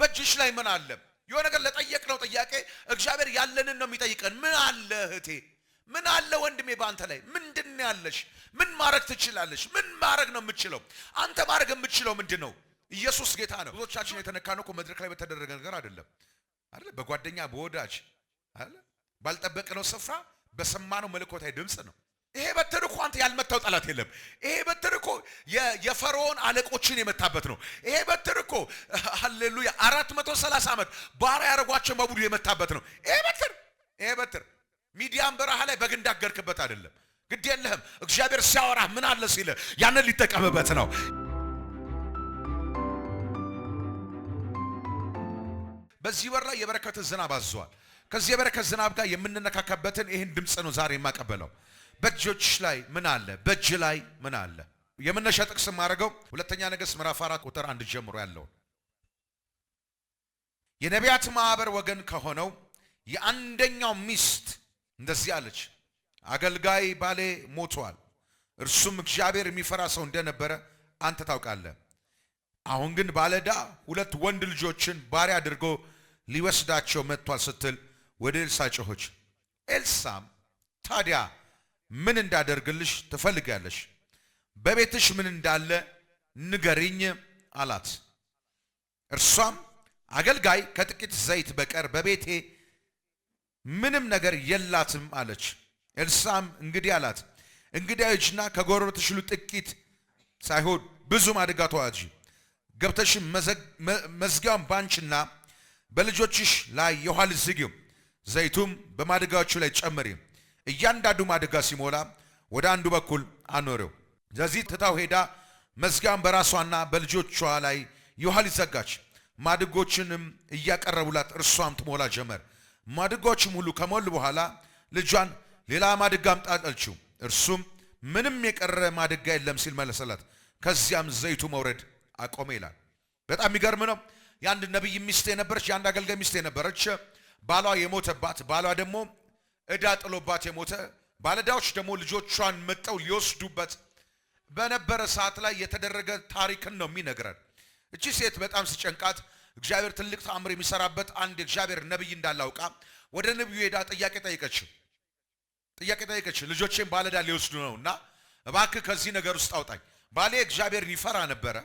በእጅሽ ላይ ምን አለ? የሆነ ነገር ለጠየቅነው ጥያቄ እግዚአብሔር ያለንን ነው የሚጠይቀን። ምን አለ እህቴ? ምን አለ ወንድሜ? በአንተ ላይ ምንድን ያለሽ? ምን ማድረግ ትችላለሽ? ምን ማድረግ ነው የምችለው? አንተ ማድረግ የምችለው ምንድን ነው? ኢየሱስ ጌታ ነው። ብዙዎቻችን የተነካነው እኮ መድረክ ላይ በተደረገ ነገር አይደለም አይደለ? በጓደኛ በወዳጅ አይደለ? ባልጠበቅነው ስፍራ በሰማነው መለኮታዊ ድምፅ ነው። ይሄ በትር እኮ አንተ ያልመታው ጠላት የለም። ይሄ በትር እኮ የፈርዖን አለቆችን የመታበት ነው። ይሄ በትር እኮ ሃሌሉያ አራት መቶ ሰላሳ ዓመት ባሪያ ያደረጓቸው መቡድ የመታበት ነው። ይሄ በትር ይሄ በትር ሚዲያም በረሃ ላይ በግንዳገርክበት አይደለም። ግድ የለህም። እግዚአብሔር ሲያወራ ምን አለ ሲለ ያንን ሊጠቀምበት ነው። በዚህ ወር ላይ የበረከት ዝናብ አዝዟል። ከዚህ የበረከት ዝናብ ጋር የምንነካከበትን ይህን ድምፅ ነው ዛሬ የማቀበለው። በእጆች ላይ ምን አለ? በእጅ ላይ ምን አለ? የመነሻ ጥቅስ የማደርገው ሁለተኛ ነገሥት ምዕራፍ አራት ቁጥር አንድ ጀምሮ ያለውን የነቢያት ማኅበር ወገን ከሆነው የአንደኛው ሚስት እንደዚህ አለች፣ አገልጋይ ባሌ ሞቷል፣ እርሱም እግዚአብሔር የሚፈራ ሰው እንደነበረ አንተ ታውቃለህ። አሁን ግን ባለዕዳ ሁለት ወንድ ልጆችን ባሪያ አድርጎ ሊወስዳቸው መጥቷል ስትል ወደ ኤልሳ ጮኸች። ኤልሳም ታዲያ ምን እንዳደርግልሽ ትፈልጋለሽ? በቤትሽ ምን እንዳለ ንገሪኝ አላት። እርሷም አገልጋይ ከጥቂት ዘይት በቀር በቤቴ ምንም ነገር የላትም አለች። ኤልሳም እንግዲህ አላት፣ እንግዳዮችና ከጎረቤትሽ ሁሉ ጥቂት ሳይሆን ብዙ ማድጋ ተዋጂ፣ ገብተሽ መዝጊያውን ባንችና በልጆችሽ ላይ የኋል ዝጊው፣ ዘይቱም በማድጋዎቹ ላይ ጨምሪ እያንዳንዱ ማድጋ ሲሞላ ወደ አንዱ በኩል አኖረው። ስለዚህ ትታው ሄዳ መዝጊያውን በራሷና በልጆቿ ላይ ይውሃል ይዘጋች። ማድጎችንም እያቀረቡላት እርሷም ትሞላ ጀመር። ማድጎችም ሁሉ ከሞሉ በኋላ ልጇን ሌላ ማድጋ አምጣ አለችው። እርሱም ምንም የቀረ ማድጋ የለም ሲል መለሰላት። ከዚያም ዘይቱ መውረድ አቆመ ይላል። በጣም የሚገርም ነው። የአንድ ነቢይ ሚስት የነበረች የአንድ አገልጋይ ሚስት የነበረች ባሏ የሞተባት ባሏ ደግሞ እዳ ጥሎባት የሞተ ባለዳዎች ደግሞ ልጆቿን መጠው ሊወስዱበት በነበረ ሰዓት ላይ የተደረገ ታሪክን ነው የሚነግረን። እቺ ሴት በጣም ሲጨንቃት እግዚአብሔር ትልቅ ተአምር የሚሰራበት አንድ እግዚአብሔር ነቢይ እንዳላውቃ ወደ ነቢዩ ሄዳ ጥያቄ ጠይቀች ጥያቄ ጠይቀች። ልጆቼን ባለዳ ሊወስዱ ነው እና እባክህ ከዚህ ነገር ውስጥ አውጣኝ። ባሌ እግዚአብሔርን ይፈራ ነበረ።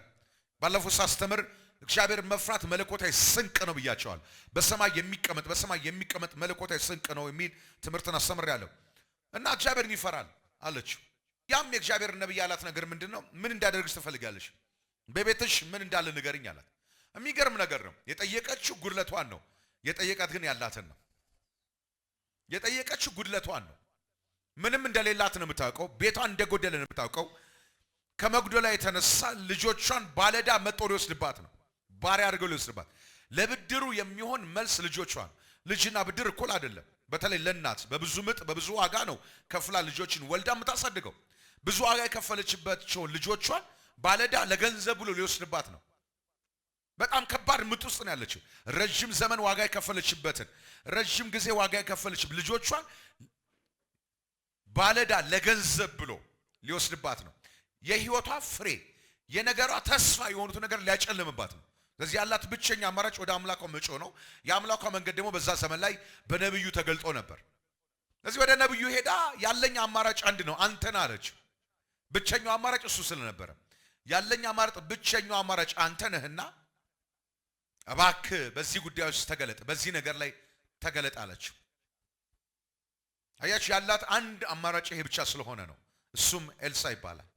ባለፈው ሳስተምር እግዚአብሔር መፍራት መለኮታዊ ስንቅ ነው ብያቸዋል። በሰማይ የሚቀመጥ በሰማይ የሚቀመጥ መለኮታዊ ስንቅ ነው የሚል ትምህርትን አስተምሬያለሁ። እና እግዚአብሔርን ይፈራል አለችው። ያም የእግዚአብሔር ነቢይ ያላት ነገር ምንድን ነው? ምን እንዳደርግሽ ትፈልጋለሽ? በቤትሽ ምን እንዳለ ንገርኝ አላት። የሚገርም ነገር ነው። የጠየቀችው ጉድለቷን ነው የጠየቃት ግን ያላትን ነው የጠየቀችው ጉድለቷን ነው። ምንም እንደሌላት ነው የምታውቀው። ቤቷን እንደጎደለ ነው የምታውቀው። ከመጉደላ የተነሳ ልጆቿን ባለዳ መጦ ሊወስድባት ነው ባሪያ አድርገው ሊወስድባት። ለብድሩ የሚሆን መልስ ልጆቿን ልጅና ብድር እኩል አይደለም። በተለይ ለእናት በብዙ ምጥ በብዙ ዋጋ ነው ከፍላ ልጆችን ወልዳ የምታሳድገው። ብዙ ዋጋ የከፈለችባቸውን ልጆቿን ባለዳ ለገንዘብ ብሎ ሊወስድባት ነው። በጣም ከባድ ምጥ ውስጥ ነው ያለችው። ረዥም ዘመን ዋጋ የከፈለችበትን ረዥም ጊዜ ዋጋ የከፈለች ልጆቿን ባለዳ ለገንዘብ ብሎ ሊወስድባት ነው። የህይወቷ ፍሬ የነገሯ ተስፋ የሆኑት ነገር ሊያጨልምባት ነው። ስለዚህ ያላት ብቸኛ አማራጭ ወደ አምላኳ መጮ ነው። የአምላኳ መንገድ ደግሞ በዛ ዘመን ላይ በነብዩ ተገልጦ ነበር። ስለዚህ ወደ ነብዩ ሄዳ ያለኝ አማራጭ አንድ ነው፣ አንተን አለች። ብቸኛው አማራጭ እሱ ስለነበረ ያለኝ አማራጭ ብቸኛው አማራጭ አንተ ነህና እባክህ በዚህ ውስጥ ተገለጥ፣ በዚህ ነገር ላይ ተገለጥ አለችው። አያችሁ ያላት አንድ አማራጭ ይሄ ብቻ ስለሆነ ነው። እሱም ኤልሳ ይባላል።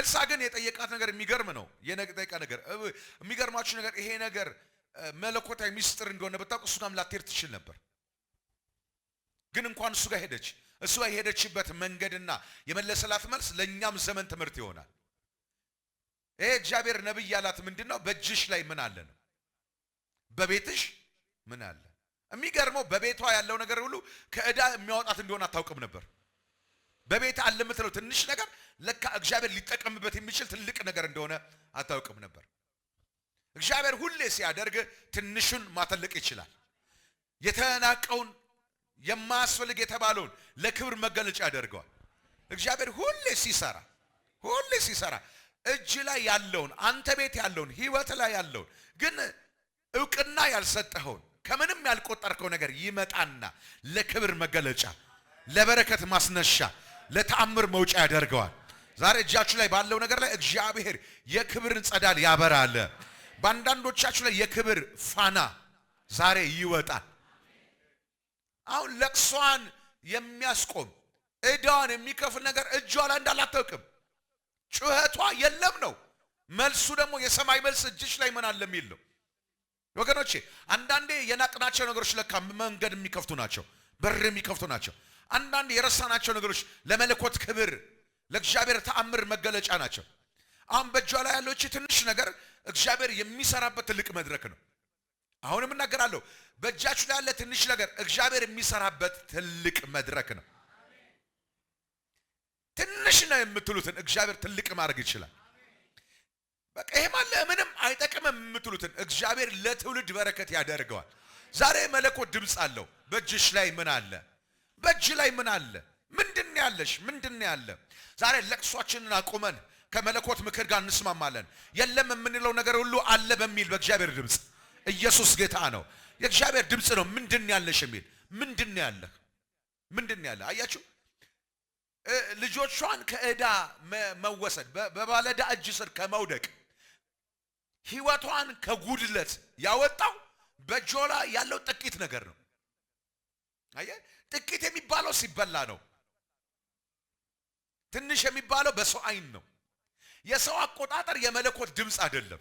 ኤልሳ ግን የጠየቃት ነገር የሚገርም ነው። የጠየቃ ነገር የሚገርማችሁ ነገር ይሄ ነገር መለኮታዊ ሚስጥር እንደሆነ ብታውቅ እሱ ላቴር ላትሄድ ትችል ነበር። ግን እንኳን እሱ ጋር ሄደች። እሱ ጋር የሄደችበት መንገድና የመለሰላት መልስ ለእኛም ዘመን ትምህርት ይሆናል። ይሄ እግዚአብሔር ነብይ ያላት ምንድን ነው? በእጅሽ ላይ ምን አለ ነው። በቤትሽ ምን አለ። የሚገርመው በቤቷ ያለው ነገር ሁሉ ከእዳ የሚያወጣት እንደሆነ አታውቅም ነበር። በቤት አለ የምትለው ትንሽ ነገር ለካ እግዚአብሔር ሊጠቀምበት የሚችል ትልቅ ነገር እንደሆነ አታውቅም ነበር። እግዚአብሔር ሁሌ ሲያደርግ ትንሹን ማተለቅ ይችላል። የተናቀውን የማያስፈልግ የተባለውን ለክብር መገለጫ ያደርገዋል። እግዚአብሔር ሁሌ ሲሰራ ሁሌ ሲሰራ እጅ ላይ ያለውን አንተ ቤት ያለውን ህይወት ላይ ያለውን ግን እውቅና ያልሰጠኸውን ከምንም ያልቆጠርከው ነገር ይመጣና ለክብር መገለጫ ለበረከት ማስነሻ ለተአምር መውጫ ያደርገዋል። ዛሬ እጃችሁ ላይ ባለው ነገር ላይ እግዚአብሔር የክብርን ጸዳል ያበራል። በአንዳንዶቻችሁ ላይ የክብር ፋና ዛሬ ይወጣል። አሁን ለቅሷን የሚያስቆም እዳዋን የሚከፍል ነገር እጇ ላይ እንዳላታውቅም ጩኸቷ የለም ነው መልሱ ደግሞ የሰማይ መልስ እጅሽ ላይ ምን አለ የሚል ነው። ወገኖቼ አንዳንዴ የናቅናቸው ነገሮች ለካ መንገድ የሚከፍቱ ናቸው፣ በር የሚከፍቱ ናቸው። አንዳንድ የረሳናቸው ነገሮች ለመለኮት ክብር ለእግዚአብሔር ተአምር መገለጫ ናቸው። አሁን በእጇ ላይ ያለው እቺ ትንሽ ነገር እግዚአብሔር የሚሰራበት ትልቅ መድረክ ነው። አሁንም እናገራለሁ፣ በእጃችሁ ላይ ያለ ትንሽ ነገር እግዚአብሔር የሚሰራበት ትልቅ መድረክ ነው። ትንሽ ነው የምትሉትን እግዚአብሔር ትልቅ ማድረግ ይችላል። በቃ ይሄማ ምንም አይጠቅምም የምትሉትን እግዚአብሔር ለትውልድ በረከት ያደርገዋል። ዛሬ መለኮት ድምፅ አለው። በእጅሽ ላይ ምን አለ? በእጅ ላይ ምን አለ? ምንድን ያለሽ? ምንድን ያለ? ዛሬ ለቅሷችንን አቁመን ከመለኮት ምክር ጋር እንስማማለን። የለም የምንለው ነገር ሁሉ አለ በሚል በእግዚአብሔር ድምፅ ኢየሱስ ጌታ ነው። የእግዚአብሔር ድምፅ ነው። ምንድን ያለሽ የሚል ምንድን ያለ? ምንድን ያለ? አያችሁ ልጆቿን ከእዳ መወሰድ በባለዳ እጅ ስር ከመውደቅ ህይወቷን ከጉድለት ያወጣው በእጇ ላይ ያለው ጥቂት ነገር ነው። አየ ጥቂት የሚባለው ሲበላ ነው። ትንሽ የሚባለው በሰው አይን ነው። የሰው አቆጣጠር የመለኮት ድምፅ አይደለም።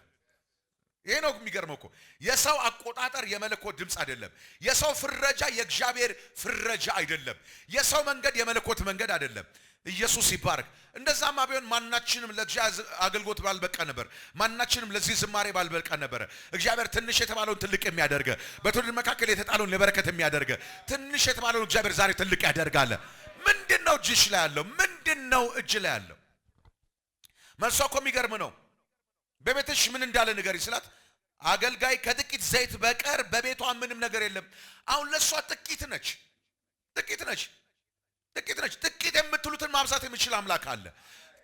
ይሄ ነው የሚገርመው እኮ የሰው አቆጣጠር የመለኮት ድምፅ አይደለም። የሰው ፍረጃ የእግዚአብሔር ፍረጃ አይደለም። የሰው መንገድ የመለኮት መንገድ አይደለም። ኢየሱስ ይባርክ። እንደዛማ ቢሆን ማናችንም ለእግዚአብሔር አገልግሎት ባልበቃ ነበር። ማናችንም ለዚህ ዝማሬ ባልበቃ ነበር እግዚአብሔር ትንሽ የተባለውን ትልቅ የሚያደርገ በትውልድ መካከል የተጣለውን ለበረከት የሚያደርገ ትንሽ የተባለውን እግዚአብሔር ዛሬ ትልቅ ያደርጋለ። ምንድን ነው እጅሽ ላይ ያለው? ምንድን ነው እጅ ላይ ያለው? መልሷ እኮ የሚገርም ነው። በቤትሽ ምን እንዳለ ንገሪ ስላት አገልጋይ ከጥቂት ዘይት በቀር በቤቷ ምንም ነገር የለም። አሁን ለእሷ ጥቂት ነች፣ ጥቂት ነች። ጥቂት ነች። ጥቂት የምትሉትን ማብዛት የሚችል አምላክ አለ።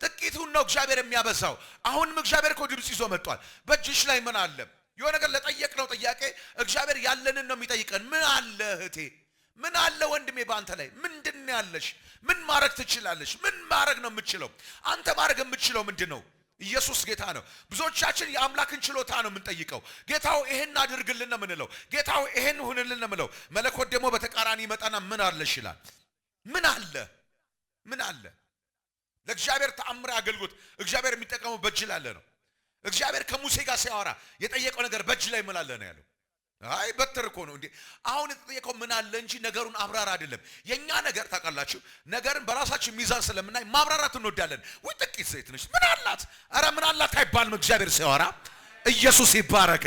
ጥቂቱን ነው እግዚአብሔር የሚያበዛው። አሁንም እግዚአብሔር እኮ ድምፅ ይዞ መጥቷል። በእጅሽ ላይ ምን አለ? የሆነ ነገር ለጠየቅነው ጥያቄ እግዚአብሔር ያለንን ነው የሚጠይቀን። ምን አለ እህቴ? ምን አለ ወንድሜ? በአንተ ላይ ምንድን ያለሽ? ምን ማድረግ ትችላለሽ? ምን ማድረግ ነው የምችለው? አንተ ማድረግ የምችለው ምንድን ነው? ኢየሱስ ጌታ ነው። ብዙዎቻችን የአምላክን ችሎታ ነው የምንጠይቀው። ጌታው ይህን አድርግልን ነው የምንለው። ጌታው ይህን ሁንልን ነው የምንለው። መለኮት ደግሞ በተቃራኒ ይመጣና ምን አለሽ ይላል። ምን አለ ምን አለ ለእግዚአብሔር ተአምር አገልግሎት እግዚአብሔር የሚጠቀመው በእጅ ላለ ነው። እግዚአብሔር ከሙሴ ጋር ሲያወራ የጠየቀው ነገር በእጅ ላይ ምላለ ነው ያለው። አይ በትር እኮ ነው እንዴ? አሁን የተጠየቀው ምን አለ እንጂ ነገሩን አብራራ አይደለም። የእኛ ነገር ታውቃላችሁ፣ ነገርን በራሳችን ሚዛን ስለምናይ ማብራራት እንወዳለን። ወይ ጥቂት ሴት ነች ምን አላት? ኧረ ምን አላት አይባልም። እግዚአብሔር ሲያወራ ኢየሱስ ይባረከ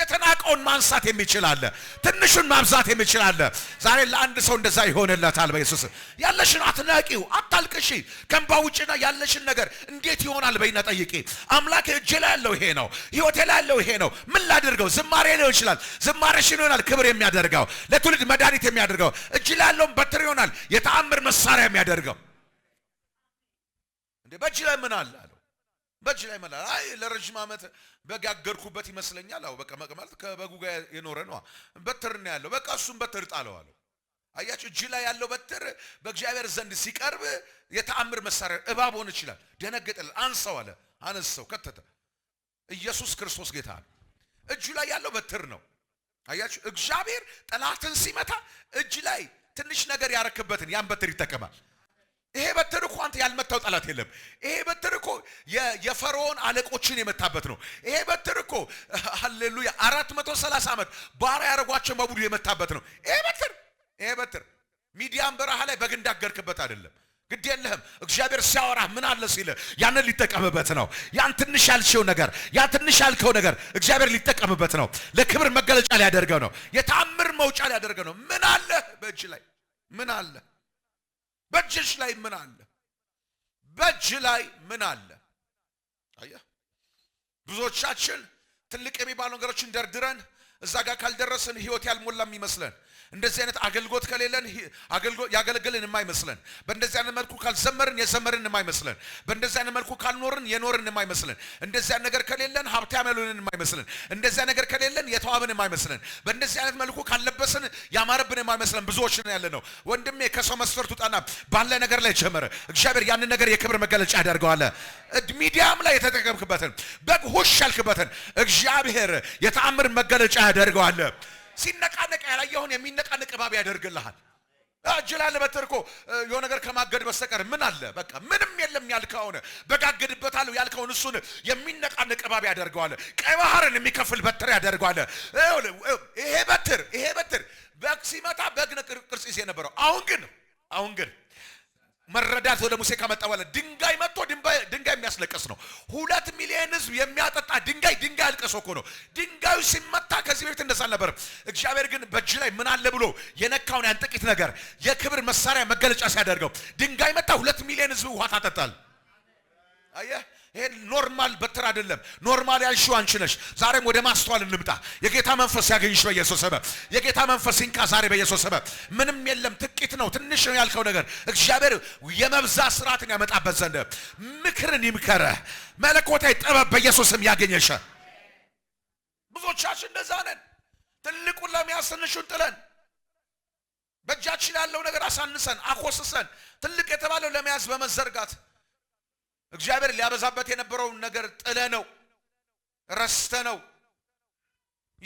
የተናቀውን ማንሳት የሚችል አለ። ትንሹን ማብዛት የሚችል አለ። ዛሬ ለአንድ ሰው እንደዛ ይሆንለታል። በኢየሱስ ያለሽን አትናቂው፣ አታልቅሺ። ከእንባ ውጭና ያለሽን ነገር እንዴት ይሆናል በይና ጠይቂ። አምላክ እጄ ላይ ያለው ይሄ ነው፣ ህይወቴ ላይ ያለው ይሄ ነው። ምን ላድርገው? ዝማሬ ሊሆን ይችላል። ዝማሬሽን ይሆናል ክብር የሚያደርገው ለትውልድ መድኃኒት የሚያደርገው እጅ ላይ ያለውን በትር ይሆናል የተአምር መሳሪያ የሚያደርገው እንዴ በእጅ ላይ ምን አለ በእጅ ላይ መላል። አይ ለረጅም ዓመት በግ ያገድኩበት ይመስለኛል። አዎ በቃ ማለት ከበጉ ጋር የኖረ ነው። በትር ነው ያለው። በቃ እሱም በትር ጣለው አለው። አያችሁ እጅ ላይ ያለው በትር በእግዚአብሔር ዘንድ ሲቀርብ የተአምር መሳሪያ እባብ ሆን ይችላል። ደነገጠል። አንሰው አለ። አነሰው፣ ከተተ። ኢየሱስ ክርስቶስ ጌታ ነው። እጁ ላይ ያለው በትር ነው። አያችሁ እግዚአብሔር ጠላትን ሲመታ እጅ ላይ ትንሽ ነገር ያረክበትን ያን በትር ይጠቀማል። ይሄ በትር እኮ አንተ ያልመታው ጠላት የለም። ይሄ በትር እኮ የፈርዖን አለቆችን የመታበት ነው። ይሄ በትር እኮ ሃሌሉያ አራት መቶ ሰላሳ ዓመት ባሪያ ያደረጓቸው በሙሉ የመታበት ነው። ይሄ በትር ይሄ በትር ሚዲያም በረሃ ላይ በግንድ አገርክበት አይደለም። ግድ የለህም። እግዚአብሔር ሲያወራህ ምን አለ ሲልህ ያንን ሊጠቀምበት ነው። ያን ትንሽ ያልሽው ነገር፣ ያን ትንሽ ያልከው ነገር እግዚአብሔር ሊጠቀምበት ነው። ለክብር መገለጫ ሊያደርገው ነው። የታምር መውጫ ሊያደርገው ነው። ምን አለ በእጅ ላይ ምን አለ በእጅሽ ላይ ምን አለ? በእጅ ላይ ምን አለ? አየህ፣ ብዙዎቻችን ትልቅ የሚባሉ ነገሮችን ደርድረን እዛ ጋር ካልደረስን ህይወት ያልሞላም ይመስለን እንደዚህ አይነት አገልግሎት ከሌለን ያገለገልን የማይመስለን፣ በእንደዚህ አይነት መልኩ ካልዘመርን የዘመርን የማይመስለን፣ በእንደዚህ አይነት መልኩ ካልኖርን የኖርን የማይመስለን፣ እንደዚህ አይነት ነገር ከሌለን ሀብታም ያልሆንን የማይመስለን፣ እንደዚህ አይነት ነገር ከሌለን የተዋብን የማይመስለን፣ በእንደዚህ አይነት መልኩ ካልለበስን ያማረብን የማይመስለን ብዙዎች ነው ያለ ነው። ወንድሜ ከሰው መስፈር ትውጣና ባለ ነገር ላይ ጀመረ። እግዚአብሔር ያንን ነገር የክብር መገለጫ ያደርገዋል። ሚዲያም ላይ የተጠቀምክበትን በግ ሁሽ ያልክበትን እግዚአብሔር የተአምር መገለጫ ያደርገዋል። ሲነቃነቅ ያላየሁን የሚነቃነቅ እባብ ያደርግልሃል። እጅ በትር እኮ የሆነ ነገር ከማገድ በስተቀር ምን አለ? በቃ ምንም የለም። ያልከውን በጋግድበታለሁ ያልከውን እሱን የሚነቃነቅ እባብ ያደርገዋል። ቀይ ባህርን የሚከፍል በትር ያደርገዋል። ይሄ በትር ይሄ በትር በግ ሲመታ በግ ቅርጽ ይዜ ነበረው። አሁን ግን አሁን ግን መረዳት ወደ ሙሴ ከመጣ በኋላ ድንጋይ መጥቶ ድንጋይ የሚያስለቀስ ነው። ሁለት ሚሊዮን ህዝብ የሚያጠጣ ድንጋይ ድንጋይ አልቀሶ እኮ ነው። ድንጋዩ ሲመታ ከዚህ በፊት እንደዛ ነበር። እግዚአብሔር ግን በእጅ ላይ ምን አለ ብሎ የነካውን ያን ጥቂት ነገር የክብር መሳሪያ መገለጫ ሲያደርገው ድንጋይ መታ። ሁለት ሚሊዮን ህዝብ ውሃ ታጠጣል። አየህ። ይሄ ኖርማል በትር አይደለም። ኖርማል ያልሽው አንቺ ነሽ። ዛሬም ወደ ማስተዋል እንምጣ። የጌታ መንፈስ ያገኝሽ በኢየሱስ ሰበብ። የጌታ መንፈስ ይንካ ዛሬ በኢየሱስ ሰበብ። ምንም የለም ጥቂት ነው ትንሽ ነው ያልከው ነገር እግዚአብሔር የመብዛት ስርዓትን ያመጣበት ዘንድ ምክርን ይምከረ መለኮታዊ ጥበብ በኢየሱስም ስም ብዙዎቻችን እንደዛ ነን። ትልቁን ለመያዝ ትንሹን ጥለን በእጃችን ያለው ነገር አሳንሰን አኮስሰን ትልቅ የተባለው ለመያዝ በመዘርጋት እግዚአብሔር ሊያበዛበት የነበረውን ነገር ጥለ ነው ረስተ ነው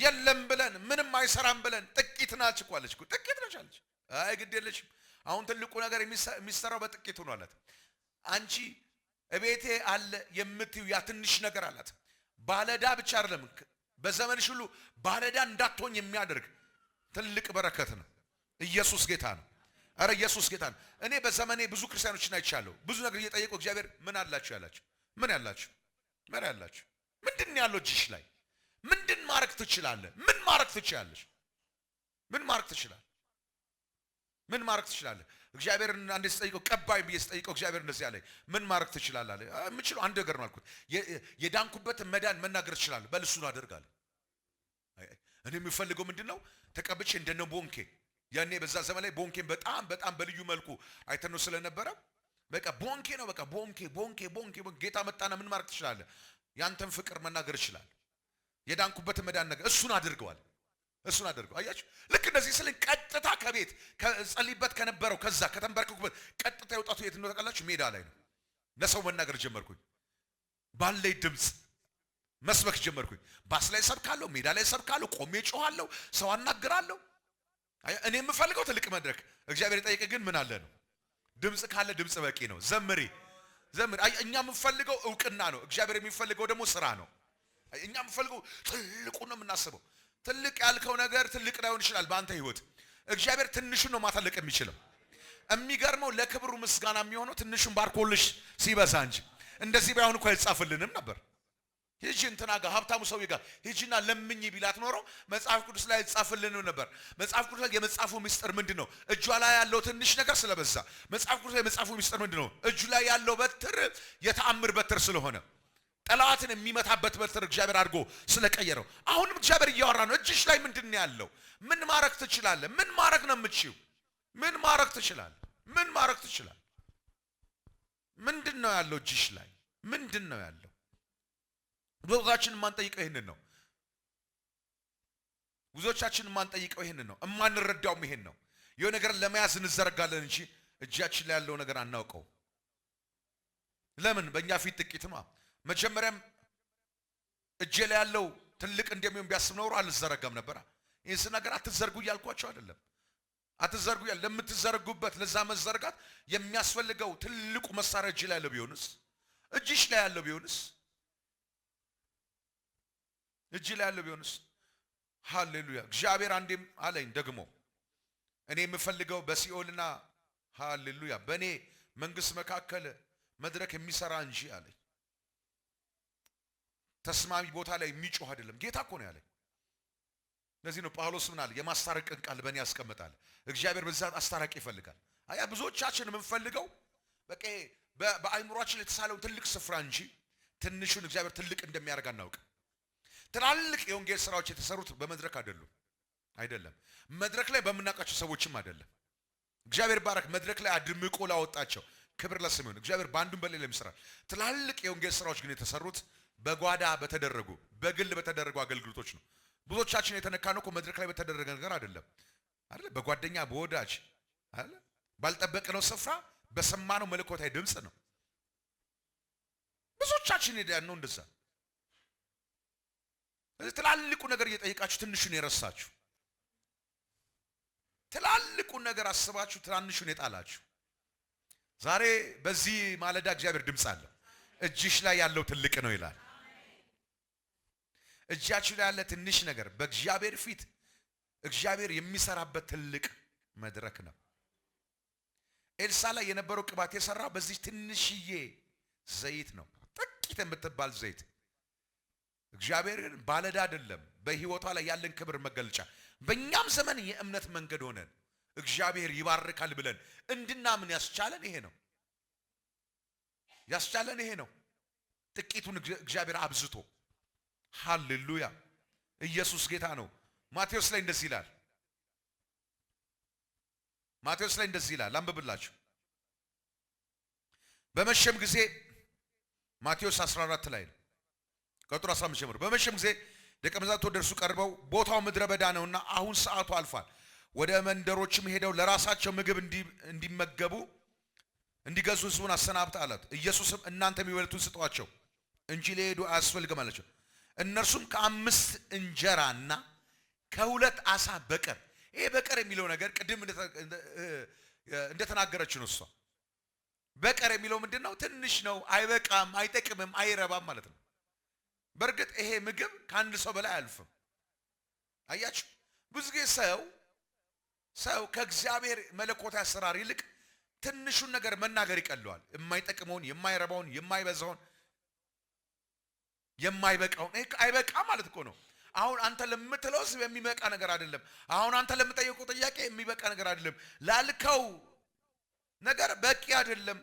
የለም ብለን ምንም አይሰራም ብለን ጥቂት ናች እኮ አለች ጥቂት ነች አለች። አይ ግድ የለሽም አሁን ትልቁ ነገር የሚሰራው በጥቂቱ ነው አላት። አንቺ እቤቴ አለ የምትዩ ያ ትንሽ ነገር አላት። ባለዳ ብቻ አይደለም በዘመንሽ ሁሉ ባለዕዳ እንዳትሆኝ የሚያደርግ ትልቅ በረከት ነው። ኢየሱስ ጌታ ነው። አረ ኢየሱስ ጌታ ነው። እኔ በዘመኔ ብዙ ክርስቲያኖችን አይቻለሁ። ብዙ ነገር እየጠየቁ እግዚአብሔር ምን አላችሁ ያላችሁ ምን ያላችሁ ምን ያላችሁ ምንድን ያለው እጅሽ ላይ ምንድን ማድረግ ትችላለህ? ምን ማድረግ ትችላለሽ? ምን ማድረግ ትችላለህ? ምን ማድረግ ትችላለህ? እግዚአብሔር አንድ ስጠይቀው ቀባይ ብዬ ስጠይቀው እግዚአብሔር እንደዚህ አለኝ፣ ምን ማድረግ ትችላለህ አለ። የምችለው አንድ ነገር ነው አልኩት። የዳንኩበትን መዳን መናገር ትችላለህ። በል እሱን አደርጋለሁ። እኔ የሚፈልገው ምንድን ነው? ተቀብቼ እንደነ ቦንኬ ያኔ በዛ ዘመን ላይ ቦንኬን በጣም በጣም በልዩ መልኩ አይተን ነው ስለነበረ በቃ ቦንኬ ነው በቃ ቦንኬ ቦንኬ ቦንኬ ጌታ መጣና ምን ማድረግ ትችላለህ? ያንተን ፍቅር መናገር ይችላል። የዳንኩበትን መዳን ነገር እሱን አድርገዋል። እሱን አደርገው። አያችሁ፣ ልክ እንደዚህ ስልን ቀጥታ ከቤት ጸልይበት ከነበረው ከዛ ከተንበረከኩበት ቀጥታ የወጣቱ የት እንደተቀላችሁ ሜዳ ላይ ነው። ለሰው መናገር ጀመርኩኝ። ባለይ ድምፅ መስበክ ጀመርኩኝ። ባስ ላይ ሰብካለሁ፣ ሜዳ ላይ ሰብካለሁ፣ ቆሜ ጮኋለሁ፣ ሰው አናግራለሁ። እኔ የምፈልገው ትልቅ መድረክ፣ እግዚአብሔር የጠይቀ ግን ምን አለ ነው። ድምፅ ካለ ድምፅ በቂ ነው። ዘምሪ ዘምሪ። እኛ የምፈልገው እውቅና ነው። እግዚአብሔር የሚፈልገው ደግሞ ስራ ነው። እኛ የምፈልገው ትልቁ ነው የምናስበው ትልቅ ያልከው ነገር ትልቅ ላይሆን ይችላል በአንተ ህይወት። እግዚአብሔር ትንሹን ነው ማታለቅ የሚችለው። የሚገርመው ለክብሩ ምስጋና የሚሆነው ትንሹን ባርኮልሽ ሲበዛ እንጂ እንደዚህ ባይሆን እኮ አይጻፍልንም ነበር። ሂጂ እንትና ጋር ሀብታሙ ሰውዬ ጋር ሂጂና ለምኝ ቢላት ኖሮ መጽሐፍ ቅዱስ ላይ አይጻፍልንም ነበር። መጽሐፍ ቅዱስ ላይ የመጽሐፉ ምስጢር ምንድን ነው? እጇ ላይ ያለው ትንሽ ነገር ስለበዛ። መጽሐፍ ቅዱስ ላይ የመጽሐፉ ምስጢር ምንድን ነው? እጁ ላይ ያለው በትር የተአምር በትር ስለሆነ ጠላትን የሚመታበት በትር እግዚአብሔር አድርጎ ስለቀየረው አሁንም እግዚአብሔር እያወራ ነው። እጅሽ ላይ ምንድን ነው ያለው? ምን ማረግ ትችላለህ? ምን ማረግ ነው የምትችው? ምን ማረግ ትችላለ ምን ማረክ ትችላለህ? ምንድን ነው ያለው? እጅሽ ላይ ምንድን ነው ያለው? ብዙዎቻችን የማንጠይቀው ይህንን ነው። ብዙዎቻችን የማንጠይቀው ይህንን ነው። የማንረዳውም ይሄን ነው። የሆነ ነገር ለመያዝ እንዘረጋለን እንጂ እጃችን ላይ ያለው ነገር አናውቀው። ለምን? በእኛ ፊት ጥቂትማ መጀመሪያም እጄ ላይ ያለው ትልቅ እንደሚሆን ቢያስብ ኖሮ አልዘረጋም ነበር። ይህን ስናገር አትዘርጉ እያልኳቸው አይደለም። አትዘርጉ ያል ለምትዘረጉበት ለዛ መዘርጋት የሚያስፈልገው ትልቁ መሳሪያ እጅ ላይ ያለው ቢሆንስ? እጅሽ ላይ ያለው ቢሆንስ? እጅ ላይ ያለው ቢሆንስ? ሃሌሉያ! እግዚአብሔር አንዴም አለኝ ደግሞ እኔ የምፈልገው በሲኦልና ሃሌሉያ በእኔ መንግስት መካከል መድረክ የሚሰራ እንጂ አለኝ ተስማሚ ቦታ ላይ የሚጮህ አይደለም። ጌታ እኮ ነው ያለኝ። ለዚህ ነው ጳውሎስ ምን አለ? የማስታረቅን ቃል በእኔ ያስቀምጣል። እግዚአብሔር በዛት አስታራቂ ይፈልጋል። አያ ብዙዎቻችን የምንፈልገው በቃ በአይምሯችን የተሳለውን ትልቅ ስፍራ እንጂ ትንሹን እግዚአብሔር ትልቅ እንደሚያደርግ አናውቅ። ትላልቅ የወንጌል ስራዎች የተሰሩት በመድረክ አይደሉም፣ አይደለም መድረክ ላይ በምናውቃቸው ሰዎችም አይደለም። እግዚአብሔር ባረክ መድረክ ላይ አድምቆ ላወጣቸው ክብር ለስም ይሁን። እግዚአብሔር በአንዱም በሌላም ይሰራል። ትላልቅ የወንጌል ስራዎች ግን የተሰሩት በጓዳ በተደረጉ በግል በተደረጉ አገልግሎቶች ነው። ብዙዎቻችን የተነካነው እኮ መድረክ ላይ በተደረገ ነገር አይደለም አይደለ? በጓደኛ በወዳጅ አይደለ? ባልጠበቅነው ስፍራ በሰማነው መለኮታዊ ድምፅ ነው። ብዙዎቻችን ነው እንደዛ። ስለዚህ ትላልቁ ነገር እየጠየቃችሁ ትንሹን የረሳችሁ፣ ትላልቁን ነገር አስባችሁ ትናንሹን የጣላችሁ፣ ዛሬ በዚህ ማለዳ እግዚአብሔር ድምፅ አለው። እጅሽ ላይ ያለው ትልቅ ነው ይላል። እጃችሁ ላይ ያለ ትንሽ ነገር በእግዚአብሔር ፊት እግዚአብሔር የሚሰራበት ትልቅ መድረክ ነው። ኤልሳ ላይ የነበረው ቅባት የሰራው በዚህ ትንሽዬ ዘይት ነው። ጥቂት የምትባል ዘይት እግዚአብሔርን ባለዳ አይደለም፣ በህይወቷ ላይ ያለን ክብር መገለጫ። በእኛም ዘመን የእምነት መንገድ ሆነን እግዚአብሔር ይባርካል ብለን እንድናምን ያስቻለን ይሄ ነው። ያስቻለን ይሄ ነው። ጥቂቱን እግዚአብሔር አብዝቶ ሃሌሉያ! ኢየሱስ ጌታ ነው። ማቴዎስ ላይ እንደዚህ ይላል። ማቴዎስ ላይ እንደዚህ ይላል። አንብብላችሁ በመሸም ጊዜ ማቴዎስ 14 ላይ ነው ቁጥር 15 ጀምሮ። በመሸም ጊዜ ደቀ መዛሙርቱ ወደ እርሱ ቀርበው ቦታው ምድረ በዳ ነውና አሁን ሰዓቱ አልፏል፣ ወደ መንደሮችም ሄደው ለራሳቸው ምግብ እንዲመገቡ እንዲገዙ ሕዝቡን አሰናብት አላት። ኢየሱስም እናንተ የሚበሉትን ስጧቸው እንጂ ሊሄዱ አያስፈልግም አላቸው። እነርሱም ከአምስት እንጀራና ከሁለት አሳ በቀር። ይሄ በቀር የሚለው ነገር ቅድም እንደተናገረች ነው እሷ። በቀር የሚለው ምንድን ነው? ትንሽ ነው፣ አይበቃም፣ አይጠቅምም፣ አይረባም ማለት ነው። በእርግጥ ይሄ ምግብ ከአንድ ሰው በላይ አያልፍም። አያችሁ፣ ብዙ ጊዜ ሰው ሰው ከእግዚአብሔር መለኮት አሰራር ይልቅ ትንሹን ነገር መናገር ይቀለዋል። የማይጠቅመውን፣ የማይረባውን፣ የማይበዛውን የማይበቃው አይበቃ ማለት እኮ ነው። አሁን አንተ ለምትለውስ የሚበቃ ነገር አይደለም። አሁን አንተ ለምጠየቀው ጥያቄ የሚበቃ ነገር አይደለም። ላልከው ነገር በቂ አይደለም።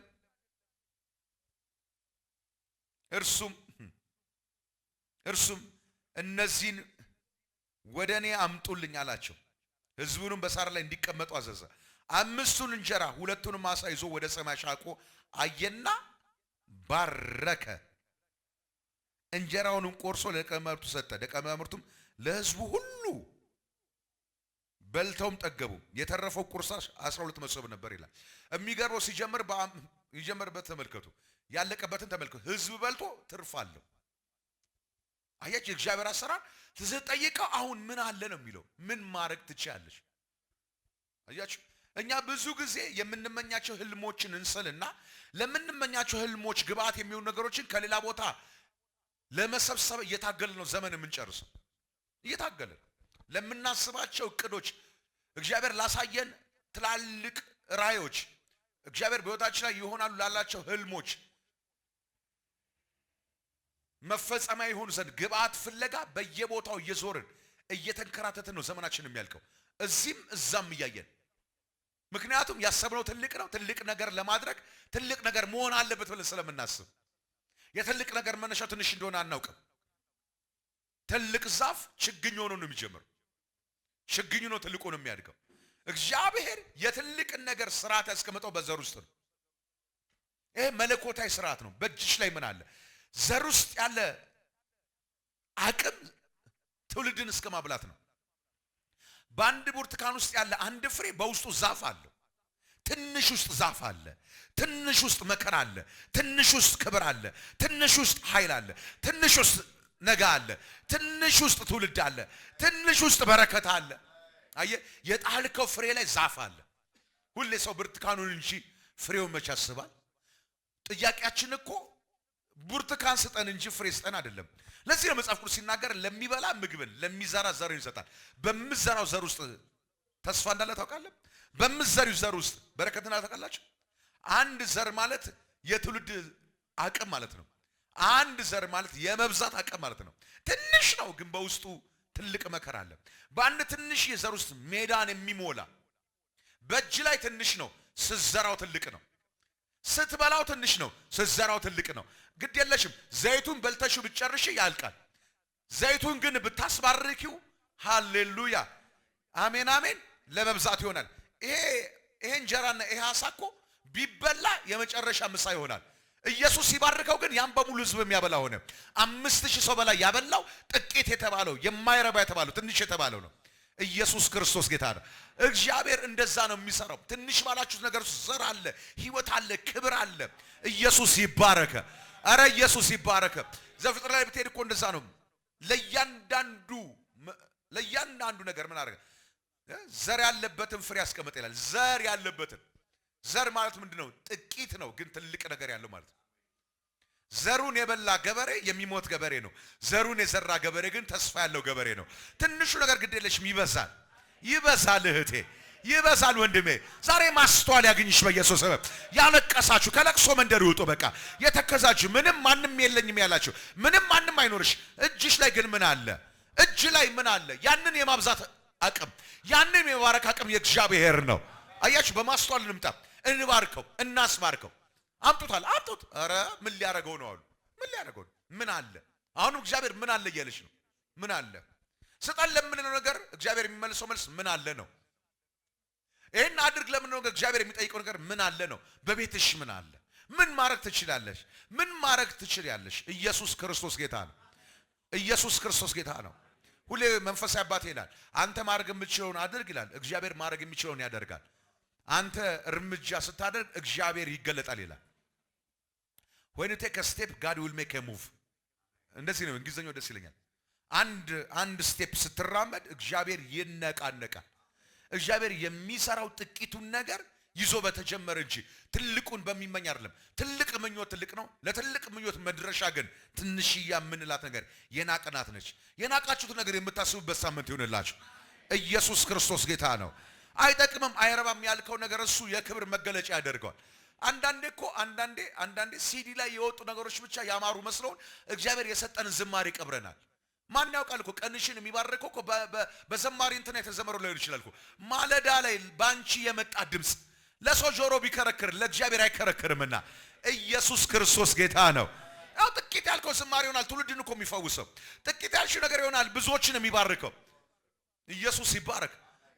እርሱም እርሱም እነዚህን ወደ እኔ አምጡልኝ አላቸው። ሕዝቡንም በሳር ላይ እንዲቀመጡ አዘዘ። አምስቱን እንጀራ ሁለቱንም አሳ ይዞ ወደ ሰማይ ሻቆ አየና ባረከ። እንጀራውንም ቆርሶ ለደቀ መዛሙርቱ ሰጠ። ደቀ መዛሙርቱም ለሕዝቡ ሁሉ በልተውም ጠገቡ። የተረፈው ቁርሳሽ 12 መሶብ ነበር ይላል። የሚገርመው ሲጀምር ይጀምርበት ተመልከቱ፣ ያለቀበትን ተመልከቱ። ሕዝብ በልቶ ትርፍ አለው። አያችሁ፣ የእግዚአብሔር አሰራር ስትጠይቀው አሁን ምን አለ ነው የሚለው። ምን ማድረግ ትችያለሽ? አያችሁ እኛ ብዙ ጊዜ የምንመኛቸው ህልሞችን እንስልና ለምንመኛቸው ህልሞች ግብዓት የሚሆኑ ነገሮችን ከሌላ ቦታ ለመሰብሰብ እየታገልን ነው ዘመን የምንጨርሰው። እየታገልን ለምናስባቸው እቅዶች እግዚአብሔር ላሳየን ትላልቅ ራዮች እግዚአብሔር በሕይወታችን ላይ ይሆናሉ ላላቸው ህልሞች መፈጸሚያ ይሆኑ ዘንድ ግብአት ፍለጋ በየቦታው እየዞርን እየተንከራተትን ነው ዘመናችን የሚያልቀው፣ እዚህም እዛም እያየን። ምክንያቱም ያሰብነው ትልቅ ነው። ትልቅ ነገር ለማድረግ ትልቅ ነገር መሆን አለበት ብለን ስለምናስብ የትልቅ ነገር መነሻው ትንሽ እንደሆነ አናውቅም። ትልቅ ዛፍ ችግኝ ሆኖ ነው የሚጀምረው። ችግኝ ነው ትልቁ ነው የሚያድገው። እግዚአብሔር የትልቅ ነገር ስርዓት ያስቀምጠው በዘር ውስጥ ነው። ይሄ መለኮታዊ ስርዓት ነው። በእጅሽ ላይ ምን አለ? ዘር ውስጥ ያለ አቅም ትውልድን እስከ ማብላት ነው። በአንድ ብርቱካን ውስጥ ያለ አንድ ፍሬ በውስጡ ዛፍ አለው። ትንሽ ውስጥ ዛፍ አለ። ትንሽ ውስጥ መከራ አለ። ትንሽ ውስጥ ክብር አለ። ትንሽ ውስጥ ኃይል አለ። ትንሽ ውስጥ ነጋ አለ። ትንሽ ውስጥ ትውልድ አለ። ትንሽ ውስጥ በረከት አለ። አየ የጣልከው ፍሬ ላይ ዛፍ አለ። ሁሌ ሰው ብርቱካኑን እንጂ ፍሬውን መቼ ያስባል? ጥያቄያችን እኮ ብርቱካን ስጠን እንጂ ፍሬ ስጠን አይደለም። ለዚህ ነው መጽሐፍ ቅዱስ ሲናገር ለሚበላ ምግብን ለሚዘራ ዘር ይሰጣል። በምዘራው ዘር ውስጥ ተስፋ እንዳለ ታውቃለህ። በምትዘሪው ዘር ውስጥ በረከትን ታውቃላችሁ። አንድ ዘር ማለት የትውልድ አቅም ማለት ነው። አንድ ዘር ማለት የመብዛት አቅም ማለት ነው። ትንሽ ነው፣ ግን በውስጡ ትልቅ መከራ አለ። በአንድ ትንሽ የዘር ውስጥ ሜዳን የሚሞላ በእጅ ላይ ትንሽ ነው፣ ስዘራው ትልቅ ነው። ስትበላው ትንሽ ነው፣ ስዘራው ትልቅ ነው። ግድ የለሽም ዘይቱን በልተሽው ብትጨርሽ ያልቃል። ዘይቱን ግን ብታስባርኪው፣ ሃሌሉያ አሜን አሜን፣ ለመብዛት ይሆናል። ይሄ ይሄ እንጀራና ይሄ አሳ እኮ ቢበላ የመጨረሻ ምሳ ይሆናል። ኢየሱስ ሲባርከው ግን ያን በሙሉ ህዝብ የሚያበላ ሆነ። አምስት ሺህ ሰው በላይ ያበላው ጥቂት የተባለው የማይረባ የተባለው ትንሽ የተባለው ነው። ኢየሱስ ክርስቶስ ጌታ ነው። እግዚአብሔር እንደዛ ነው የሚሰራው። ትንሽ ባላችሁት ነገር ውስጥ ዘር አለ፣ ህይወት አለ፣ ክብር አለ። ኢየሱስ ይባረከ። አረ ኢየሱስ ይባረከ። ዘፍጥረት ላይ ብትሄድ እኮ እንደዛ ነው። ለእያንዳንዱ ለእያንዳንዱ ነገር ምን አደረገ? ዘር ያለበትን ፍሬ ያስቀምጥ ይላል። ዘር ያለበትን ዘር ማለት ምንድን ነው? ጥቂት ነው ግን ትልቅ ነገር ያለው ማለት ነው። ዘሩን የበላ ገበሬ የሚሞት ገበሬ ነው። ዘሩን የዘራ ገበሬ ግን ተስፋ ያለው ገበሬ ነው። ትንሹ ነገር ግድ ይበዛል፣ ይበዛል እህቴ ይበዛል ወንድሜ። ዛሬ ማስተዋል ያገኝሽ በኢየሱስ ስም። ያለቀሳችሁ ከለቅሶ መንደር ይውጡ። በቃ የተከዛችሁ ምንም ማንም የለኝም ያላችሁ ምንም ማንም አይኖርሽ። እጅሽ ላይ ግን ምን አለ? እጅ ላይ ምን አለ? ያንን የማብዛት አቅም ያንን የመባረክ አቅም የእግዚአብሔር ነው። አያችሁ፣ በማስተዋል እንምጣ፣ እንባርከው፣ እናስባርከው። አምጡታል፣ አምጡት። ኧረ ምን ሊያደርገው ነው አሉ። ምን ሊያደርገው ነው? ምን አለ? አሁንም እግዚአብሔር ምን አለ እያለች ነው። ምን አለ ስጠን ለምንለው ነገር እግዚአብሔር የሚመልሰው መልስ ምን አለ ነው። ይህን አድርግ ለምን ነው እግዚአብሔር የሚጠይቀው ነገር ምን አለ ነው። በቤትሽ ምን አለ? ምን ማድረግ ትችላለሽ? ምን ማድረግ ትችላለሽ? ኢየሱስ ክርስቶስ ጌታ ነው። ኢየሱስ ክርስቶስ ጌታ ነው። ሁሌ መንፈሳዊ አባት ይላል፣ አንተ ማድረግ የምችለውን አድርግ ይላል። እግዚአብሔር ማድረግ የሚችለውን ያደርጋል። አንተ እርምጃ ስታደርግ እግዚአብሔር ይገለጣል ይላል። ወይን ቴክ ስቴፕ ጋድ ዊል ሜክ ሙቭ። እንደዚህ ነው እንግሊዝኛው፣ ደስ ይለኛል። አንድ አንድ ስቴፕ ስትራመድ እግዚአብሔር ይነቃነቃል። እግዚአብሔር የሚሰራው ጥቂቱን ነገር ይዞ በተጀመረ እንጂ ትልቁን በሚመኝ አይደለም። ትልቅ ምኞት ትልቅ ነው። ለትልቅ ምኞት መድረሻ ግን ትንሽያ የምንላት ነገር የናቅናት ነች። የናቃችሁት ነገር የምታስቡበት ሳምንት ይሆንላችሁ። ኢየሱስ ክርስቶስ ጌታ ነው። አይጠቅምም፣ አይረባም ያልከው ነገር እሱ የክብር መገለጫ ያደርገዋል። አንዳንዴ እኮ አንዳንዴ አንዳንዴ ሲዲ ላይ የወጡ ነገሮች ብቻ ያማሩ መስለውን እግዚአብሔር የሰጠንን ዝማሬ ቀብረናል። ማን ያውቃል እኮ ቀንሽን የሚባረከው እኮ በዘማሪ እንትና የተዘመረው ሊሆን ይችላል እኮ ማለዳ ላይ በአንቺ የመጣ ድምፅ ለሰው ጆሮ ቢከረክር ለእግዚአብሔር አይከረክርምና ኢየሱስ ክርስቶስ ጌታ ነው። ያው ጥቂት ያልከው ዝማሬ ይሆናል ትውልድን እኮ የሚፈውሰው። ጥቂት ያልሽው ነገር ይሆናል ብዙዎችን የሚባርከው። ኢየሱስ ይባረክ።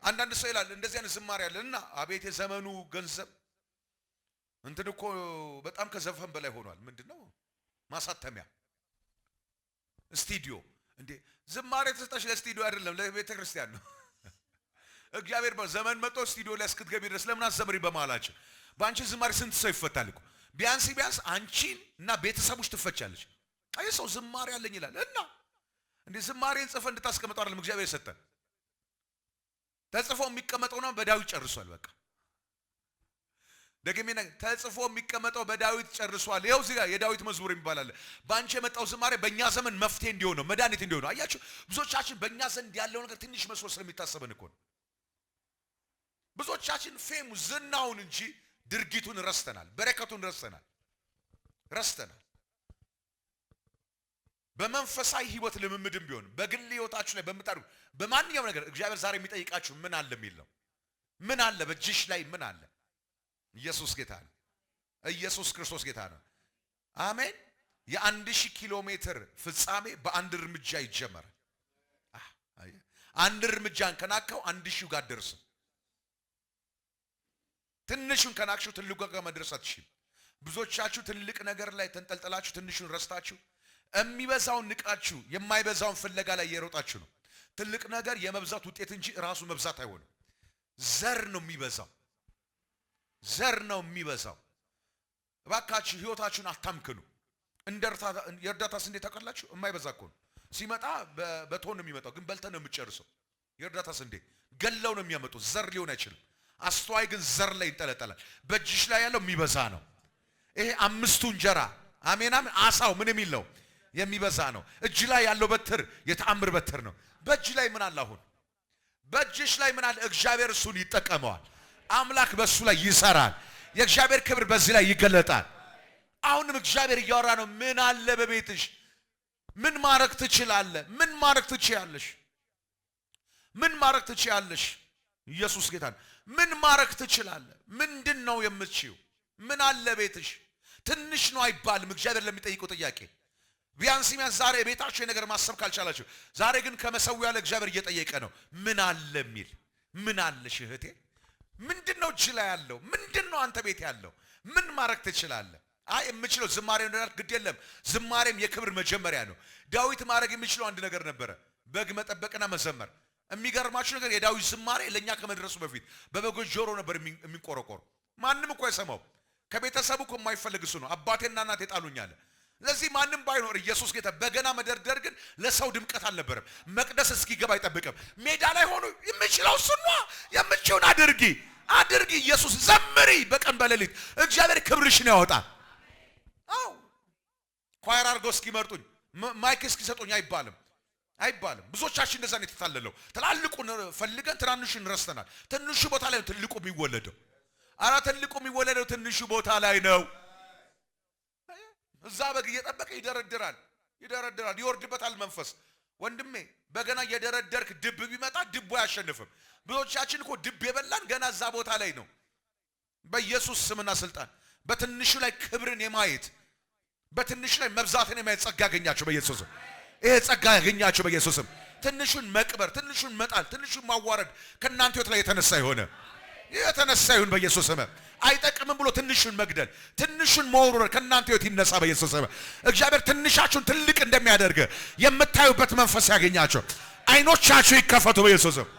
አንዳንድ ሰው ይላል እንደዚህ አይነት ዝማሬ አለ እና አቤት የዘመኑ ገንዘብ እንትን እኮ በጣም ከዘፈን በላይ ሆኗል። ምንድን ነው ማሳተሚያ ስቱዲዮ እንዴ! ዝማሬ የተሰጠሽ ለስቱዲዮ አይደለም ለቤተ ክርስቲያን ነው። እግዚአብሔር በዘመን መጦ ስቱዲዮ ላይ እስክትገቢ ድረስ ለምን አትዘምሪ በማላቸው በአንቺ ዝማሬ ስንት ሰው ይፈታል እኮ ቢያንስ ቢያንስ አንቺን እና ቤተሰቦች ትፈቻለች። አይ ሰው ዝማሬ አለኝ ይላል እና እንዴ ዝማሬን ጽፈ እንድታስቀምጠው አይደለም እግዚአብሔር ሰጠን። ተጽፎ የሚቀመጠው ነው በዳዊት ጨርሷል። በቃ ደግሜ ተጽፎ የሚቀመጠው በዳዊት ጨርሷል። ይኸው እዚህ ጋር የዳዊት መዝሙር የሚባል በአንቺ የመጣው ዝማሬ በእኛ ዘመን መፍትሄ እንዲሆነው መድኃኒት እንዲሆነው። አያችሁ ብዙዎቻችን በእኛ ዘንድ ያለው ነገር ትንሽ መስሎ ስለሚታሰበን እኮ ነው ብዙዎቻችን ፌሙ ዝናውን እንጂ ድርጊቱን ረስተናል፣ በረከቱን ረስተናል ረስተናል። በመንፈሳዊ ህይወት ልምምድም ቢሆን በግል ህይወታችሁ ላይ በምታሩ በማንኛውም ነገር እግዚአብሔር ዛሬ የሚጠይቃችሁ ምን አለ የሚል ነው። ምን አለ በእጅሽ ላይ ምን አለ? ኢየሱስ ጌታ ነው። ኢየሱስ ክርስቶስ ጌታ ነው። አሜን። የአንድ ሺህ ኪሎ ሜትር ፍጻሜ በአንድ እርምጃ ይጀመራል። አንድ እርምጃን ከናከው አንድ ሺው ጋር ደርስም ትንሹን ከናቅሽው ትልቁ ጋር መድረስ አትችም። ብዙዎቻችሁ ትልቅ ነገር ላይ ተንጠልጥላችሁ ትንሹን ረስታችሁ የሚበዛውን ንቃችሁ የማይበዛውን ፍለጋ ላይ እየሮጣችሁ ነው። ትልቅ ነገር የመብዛት ውጤት እንጂ ራሱ መብዛት አይሆንም። ዘር ነው የሚበዛው፣ ዘር ነው የሚበዛው። እባካችሁ ህይወታችሁን አታምክኑ። የእርዳታ ስንዴ ታውቃላችሁ፣ የማይበዛ እኮ ነው። ሲመጣ በቶን ነው የሚመጣው፣ ግን በልተ ነው የምጨርሰው። የእርዳታ ስንዴ ገለው ነው የሚያመጡት። ዘር ሊሆን አይችልም። አስተዋይ ግን ዘር ላይ ይንጠለጠላል። በእጅሽ ላይ ያለው የሚበዛ ነው። ይሄ አምስቱ እንጀራ አሜን፣ አሳው ምን የሚል ነው? የሚበዛ ነው። እጅ ላይ ያለው በትር የተአምር በትር ነው። በእጅ ላይ ምን አለ? አሁን በእጅሽ ላይ ምን አለ? እግዚአብሔር እሱን ይጠቀመዋል። አምላክ በእሱ ላይ ይሰራል። የእግዚአብሔር ክብር በዚህ ላይ ይገለጣል። አሁንም እግዚአብሔር እያወራ ነው። ምን አለ በቤትሽ? ምን ማረክ ትችላለ? ምን ማረግ ትችያለሽ? ምን ማረግ ትችያለሽ? ኢየሱስ ጌታ ነው። ምን ማረክ ትችላለ ምንድን ነው የምትችው? ምን አለ ቤትሽ? ትንሽ ነው አይባልም። እግዚአብሔር ለሚጠይቀው ጥያቄ ቢያንስ ቢያንስ ዛሬ ቤታችሁ የነገር ማሰብ ካልቻላችሁ፣ ዛሬ ግን ከመሰው ያለ እግዚአብሔር እየጠየቀ ነው። ምን አለ የሚል ምን አለሽ እህቴ? ምንድን ነው እጅ ላይ ያለው? ምንድን ነው አንተ ቤት ያለው? ምን ማረክ ትችላለ? አይ የምችለው ዝማሬ ግድ የለም ዝማሬም የክብር መጀመሪያ ነው። ዳዊት ማድረግ የሚችለው አንድ ነገር ነበረ፣ በግ መጠበቅና መዘመር የሚገርማችሁ ነገር የዳዊት ዝማሬ ለእኛ ከመድረሱ በፊት በበጎች ጆሮ ነበር የሚቆረቆር ማንም እኮ አይሰማው። ከቤተሰቡ እኮ የማይፈልግ እሱ ነው። አባቴና እናቴ ጣሉኛለ። ለዚህ ማንም ባይኖር ኢየሱስ ጌታ። በገና መደርደር ግን ለሰው ድምቀት አልነበረም። መቅደስ እስኪገባ አይጠብቅም። ሜዳ ላይ ሆኖ የምችለው ስኗ የምችውን አድርጊ አድርጊ፣ ኢየሱስ ዘምሪ፣ በቀን በሌሊት እግዚአብሔር ክብርሽን ያወጣል። አዎ ኳየር አድርገው እስኪመርጡኝ ማይክ እስኪሰጡኝ አይባልም። አይባልም። ብዙዎቻችን እንደዛ ነው የተታለለው። ትላልቁን ፈልገን ትናንሹን ረስተናል። ትንሹ ቦታ ላይ ነው ትልቁ የሚወለደው። አራ ትልቁ የሚወለደው ትንሹ ቦታ ላይ ነው። እዛ በግ እየጠበቀ ይደረድራል ይደረድራል፣ ይወርድበታል መንፈስ። ወንድሜ በገና እየደረደርክ ድብ ቢመጣ ድቡ አያሸንፍም። ብዙዎቻችን እኮ ድብ የበላን ገና እዛ ቦታ ላይ ነው። በኢየሱስ ስምና ስልጣን በትንሹ ላይ ክብርን የማየት በትንሹ ላይ መብዛትን የማየት ጸጋ ያገኛቸው በኢየሱስ ይሄ ጸጋ ያገኛችሁ በኢየሱስም። ትንሹን መቅበር፣ ትንሹን መጣል፣ ትንሹን ማዋረድ ከእናንተ ህይወት ላይ የተነሳ የሆነ የተነሳ ይሁን በኢየሱስ ስም። አይጠቅምም ብሎ ትንሹን መግደል፣ ትንሹን መወርወር ከእናንተ ህይወት ይነሳ በኢየሱስ ስም። እግዚአብሔር ትንሻችሁን ትልቅ እንደሚያደርግ የምታዩበት መንፈስ ያገኛችሁ፣ አይኖቻችሁ ይከፈቱ በኢየሱስ ስም።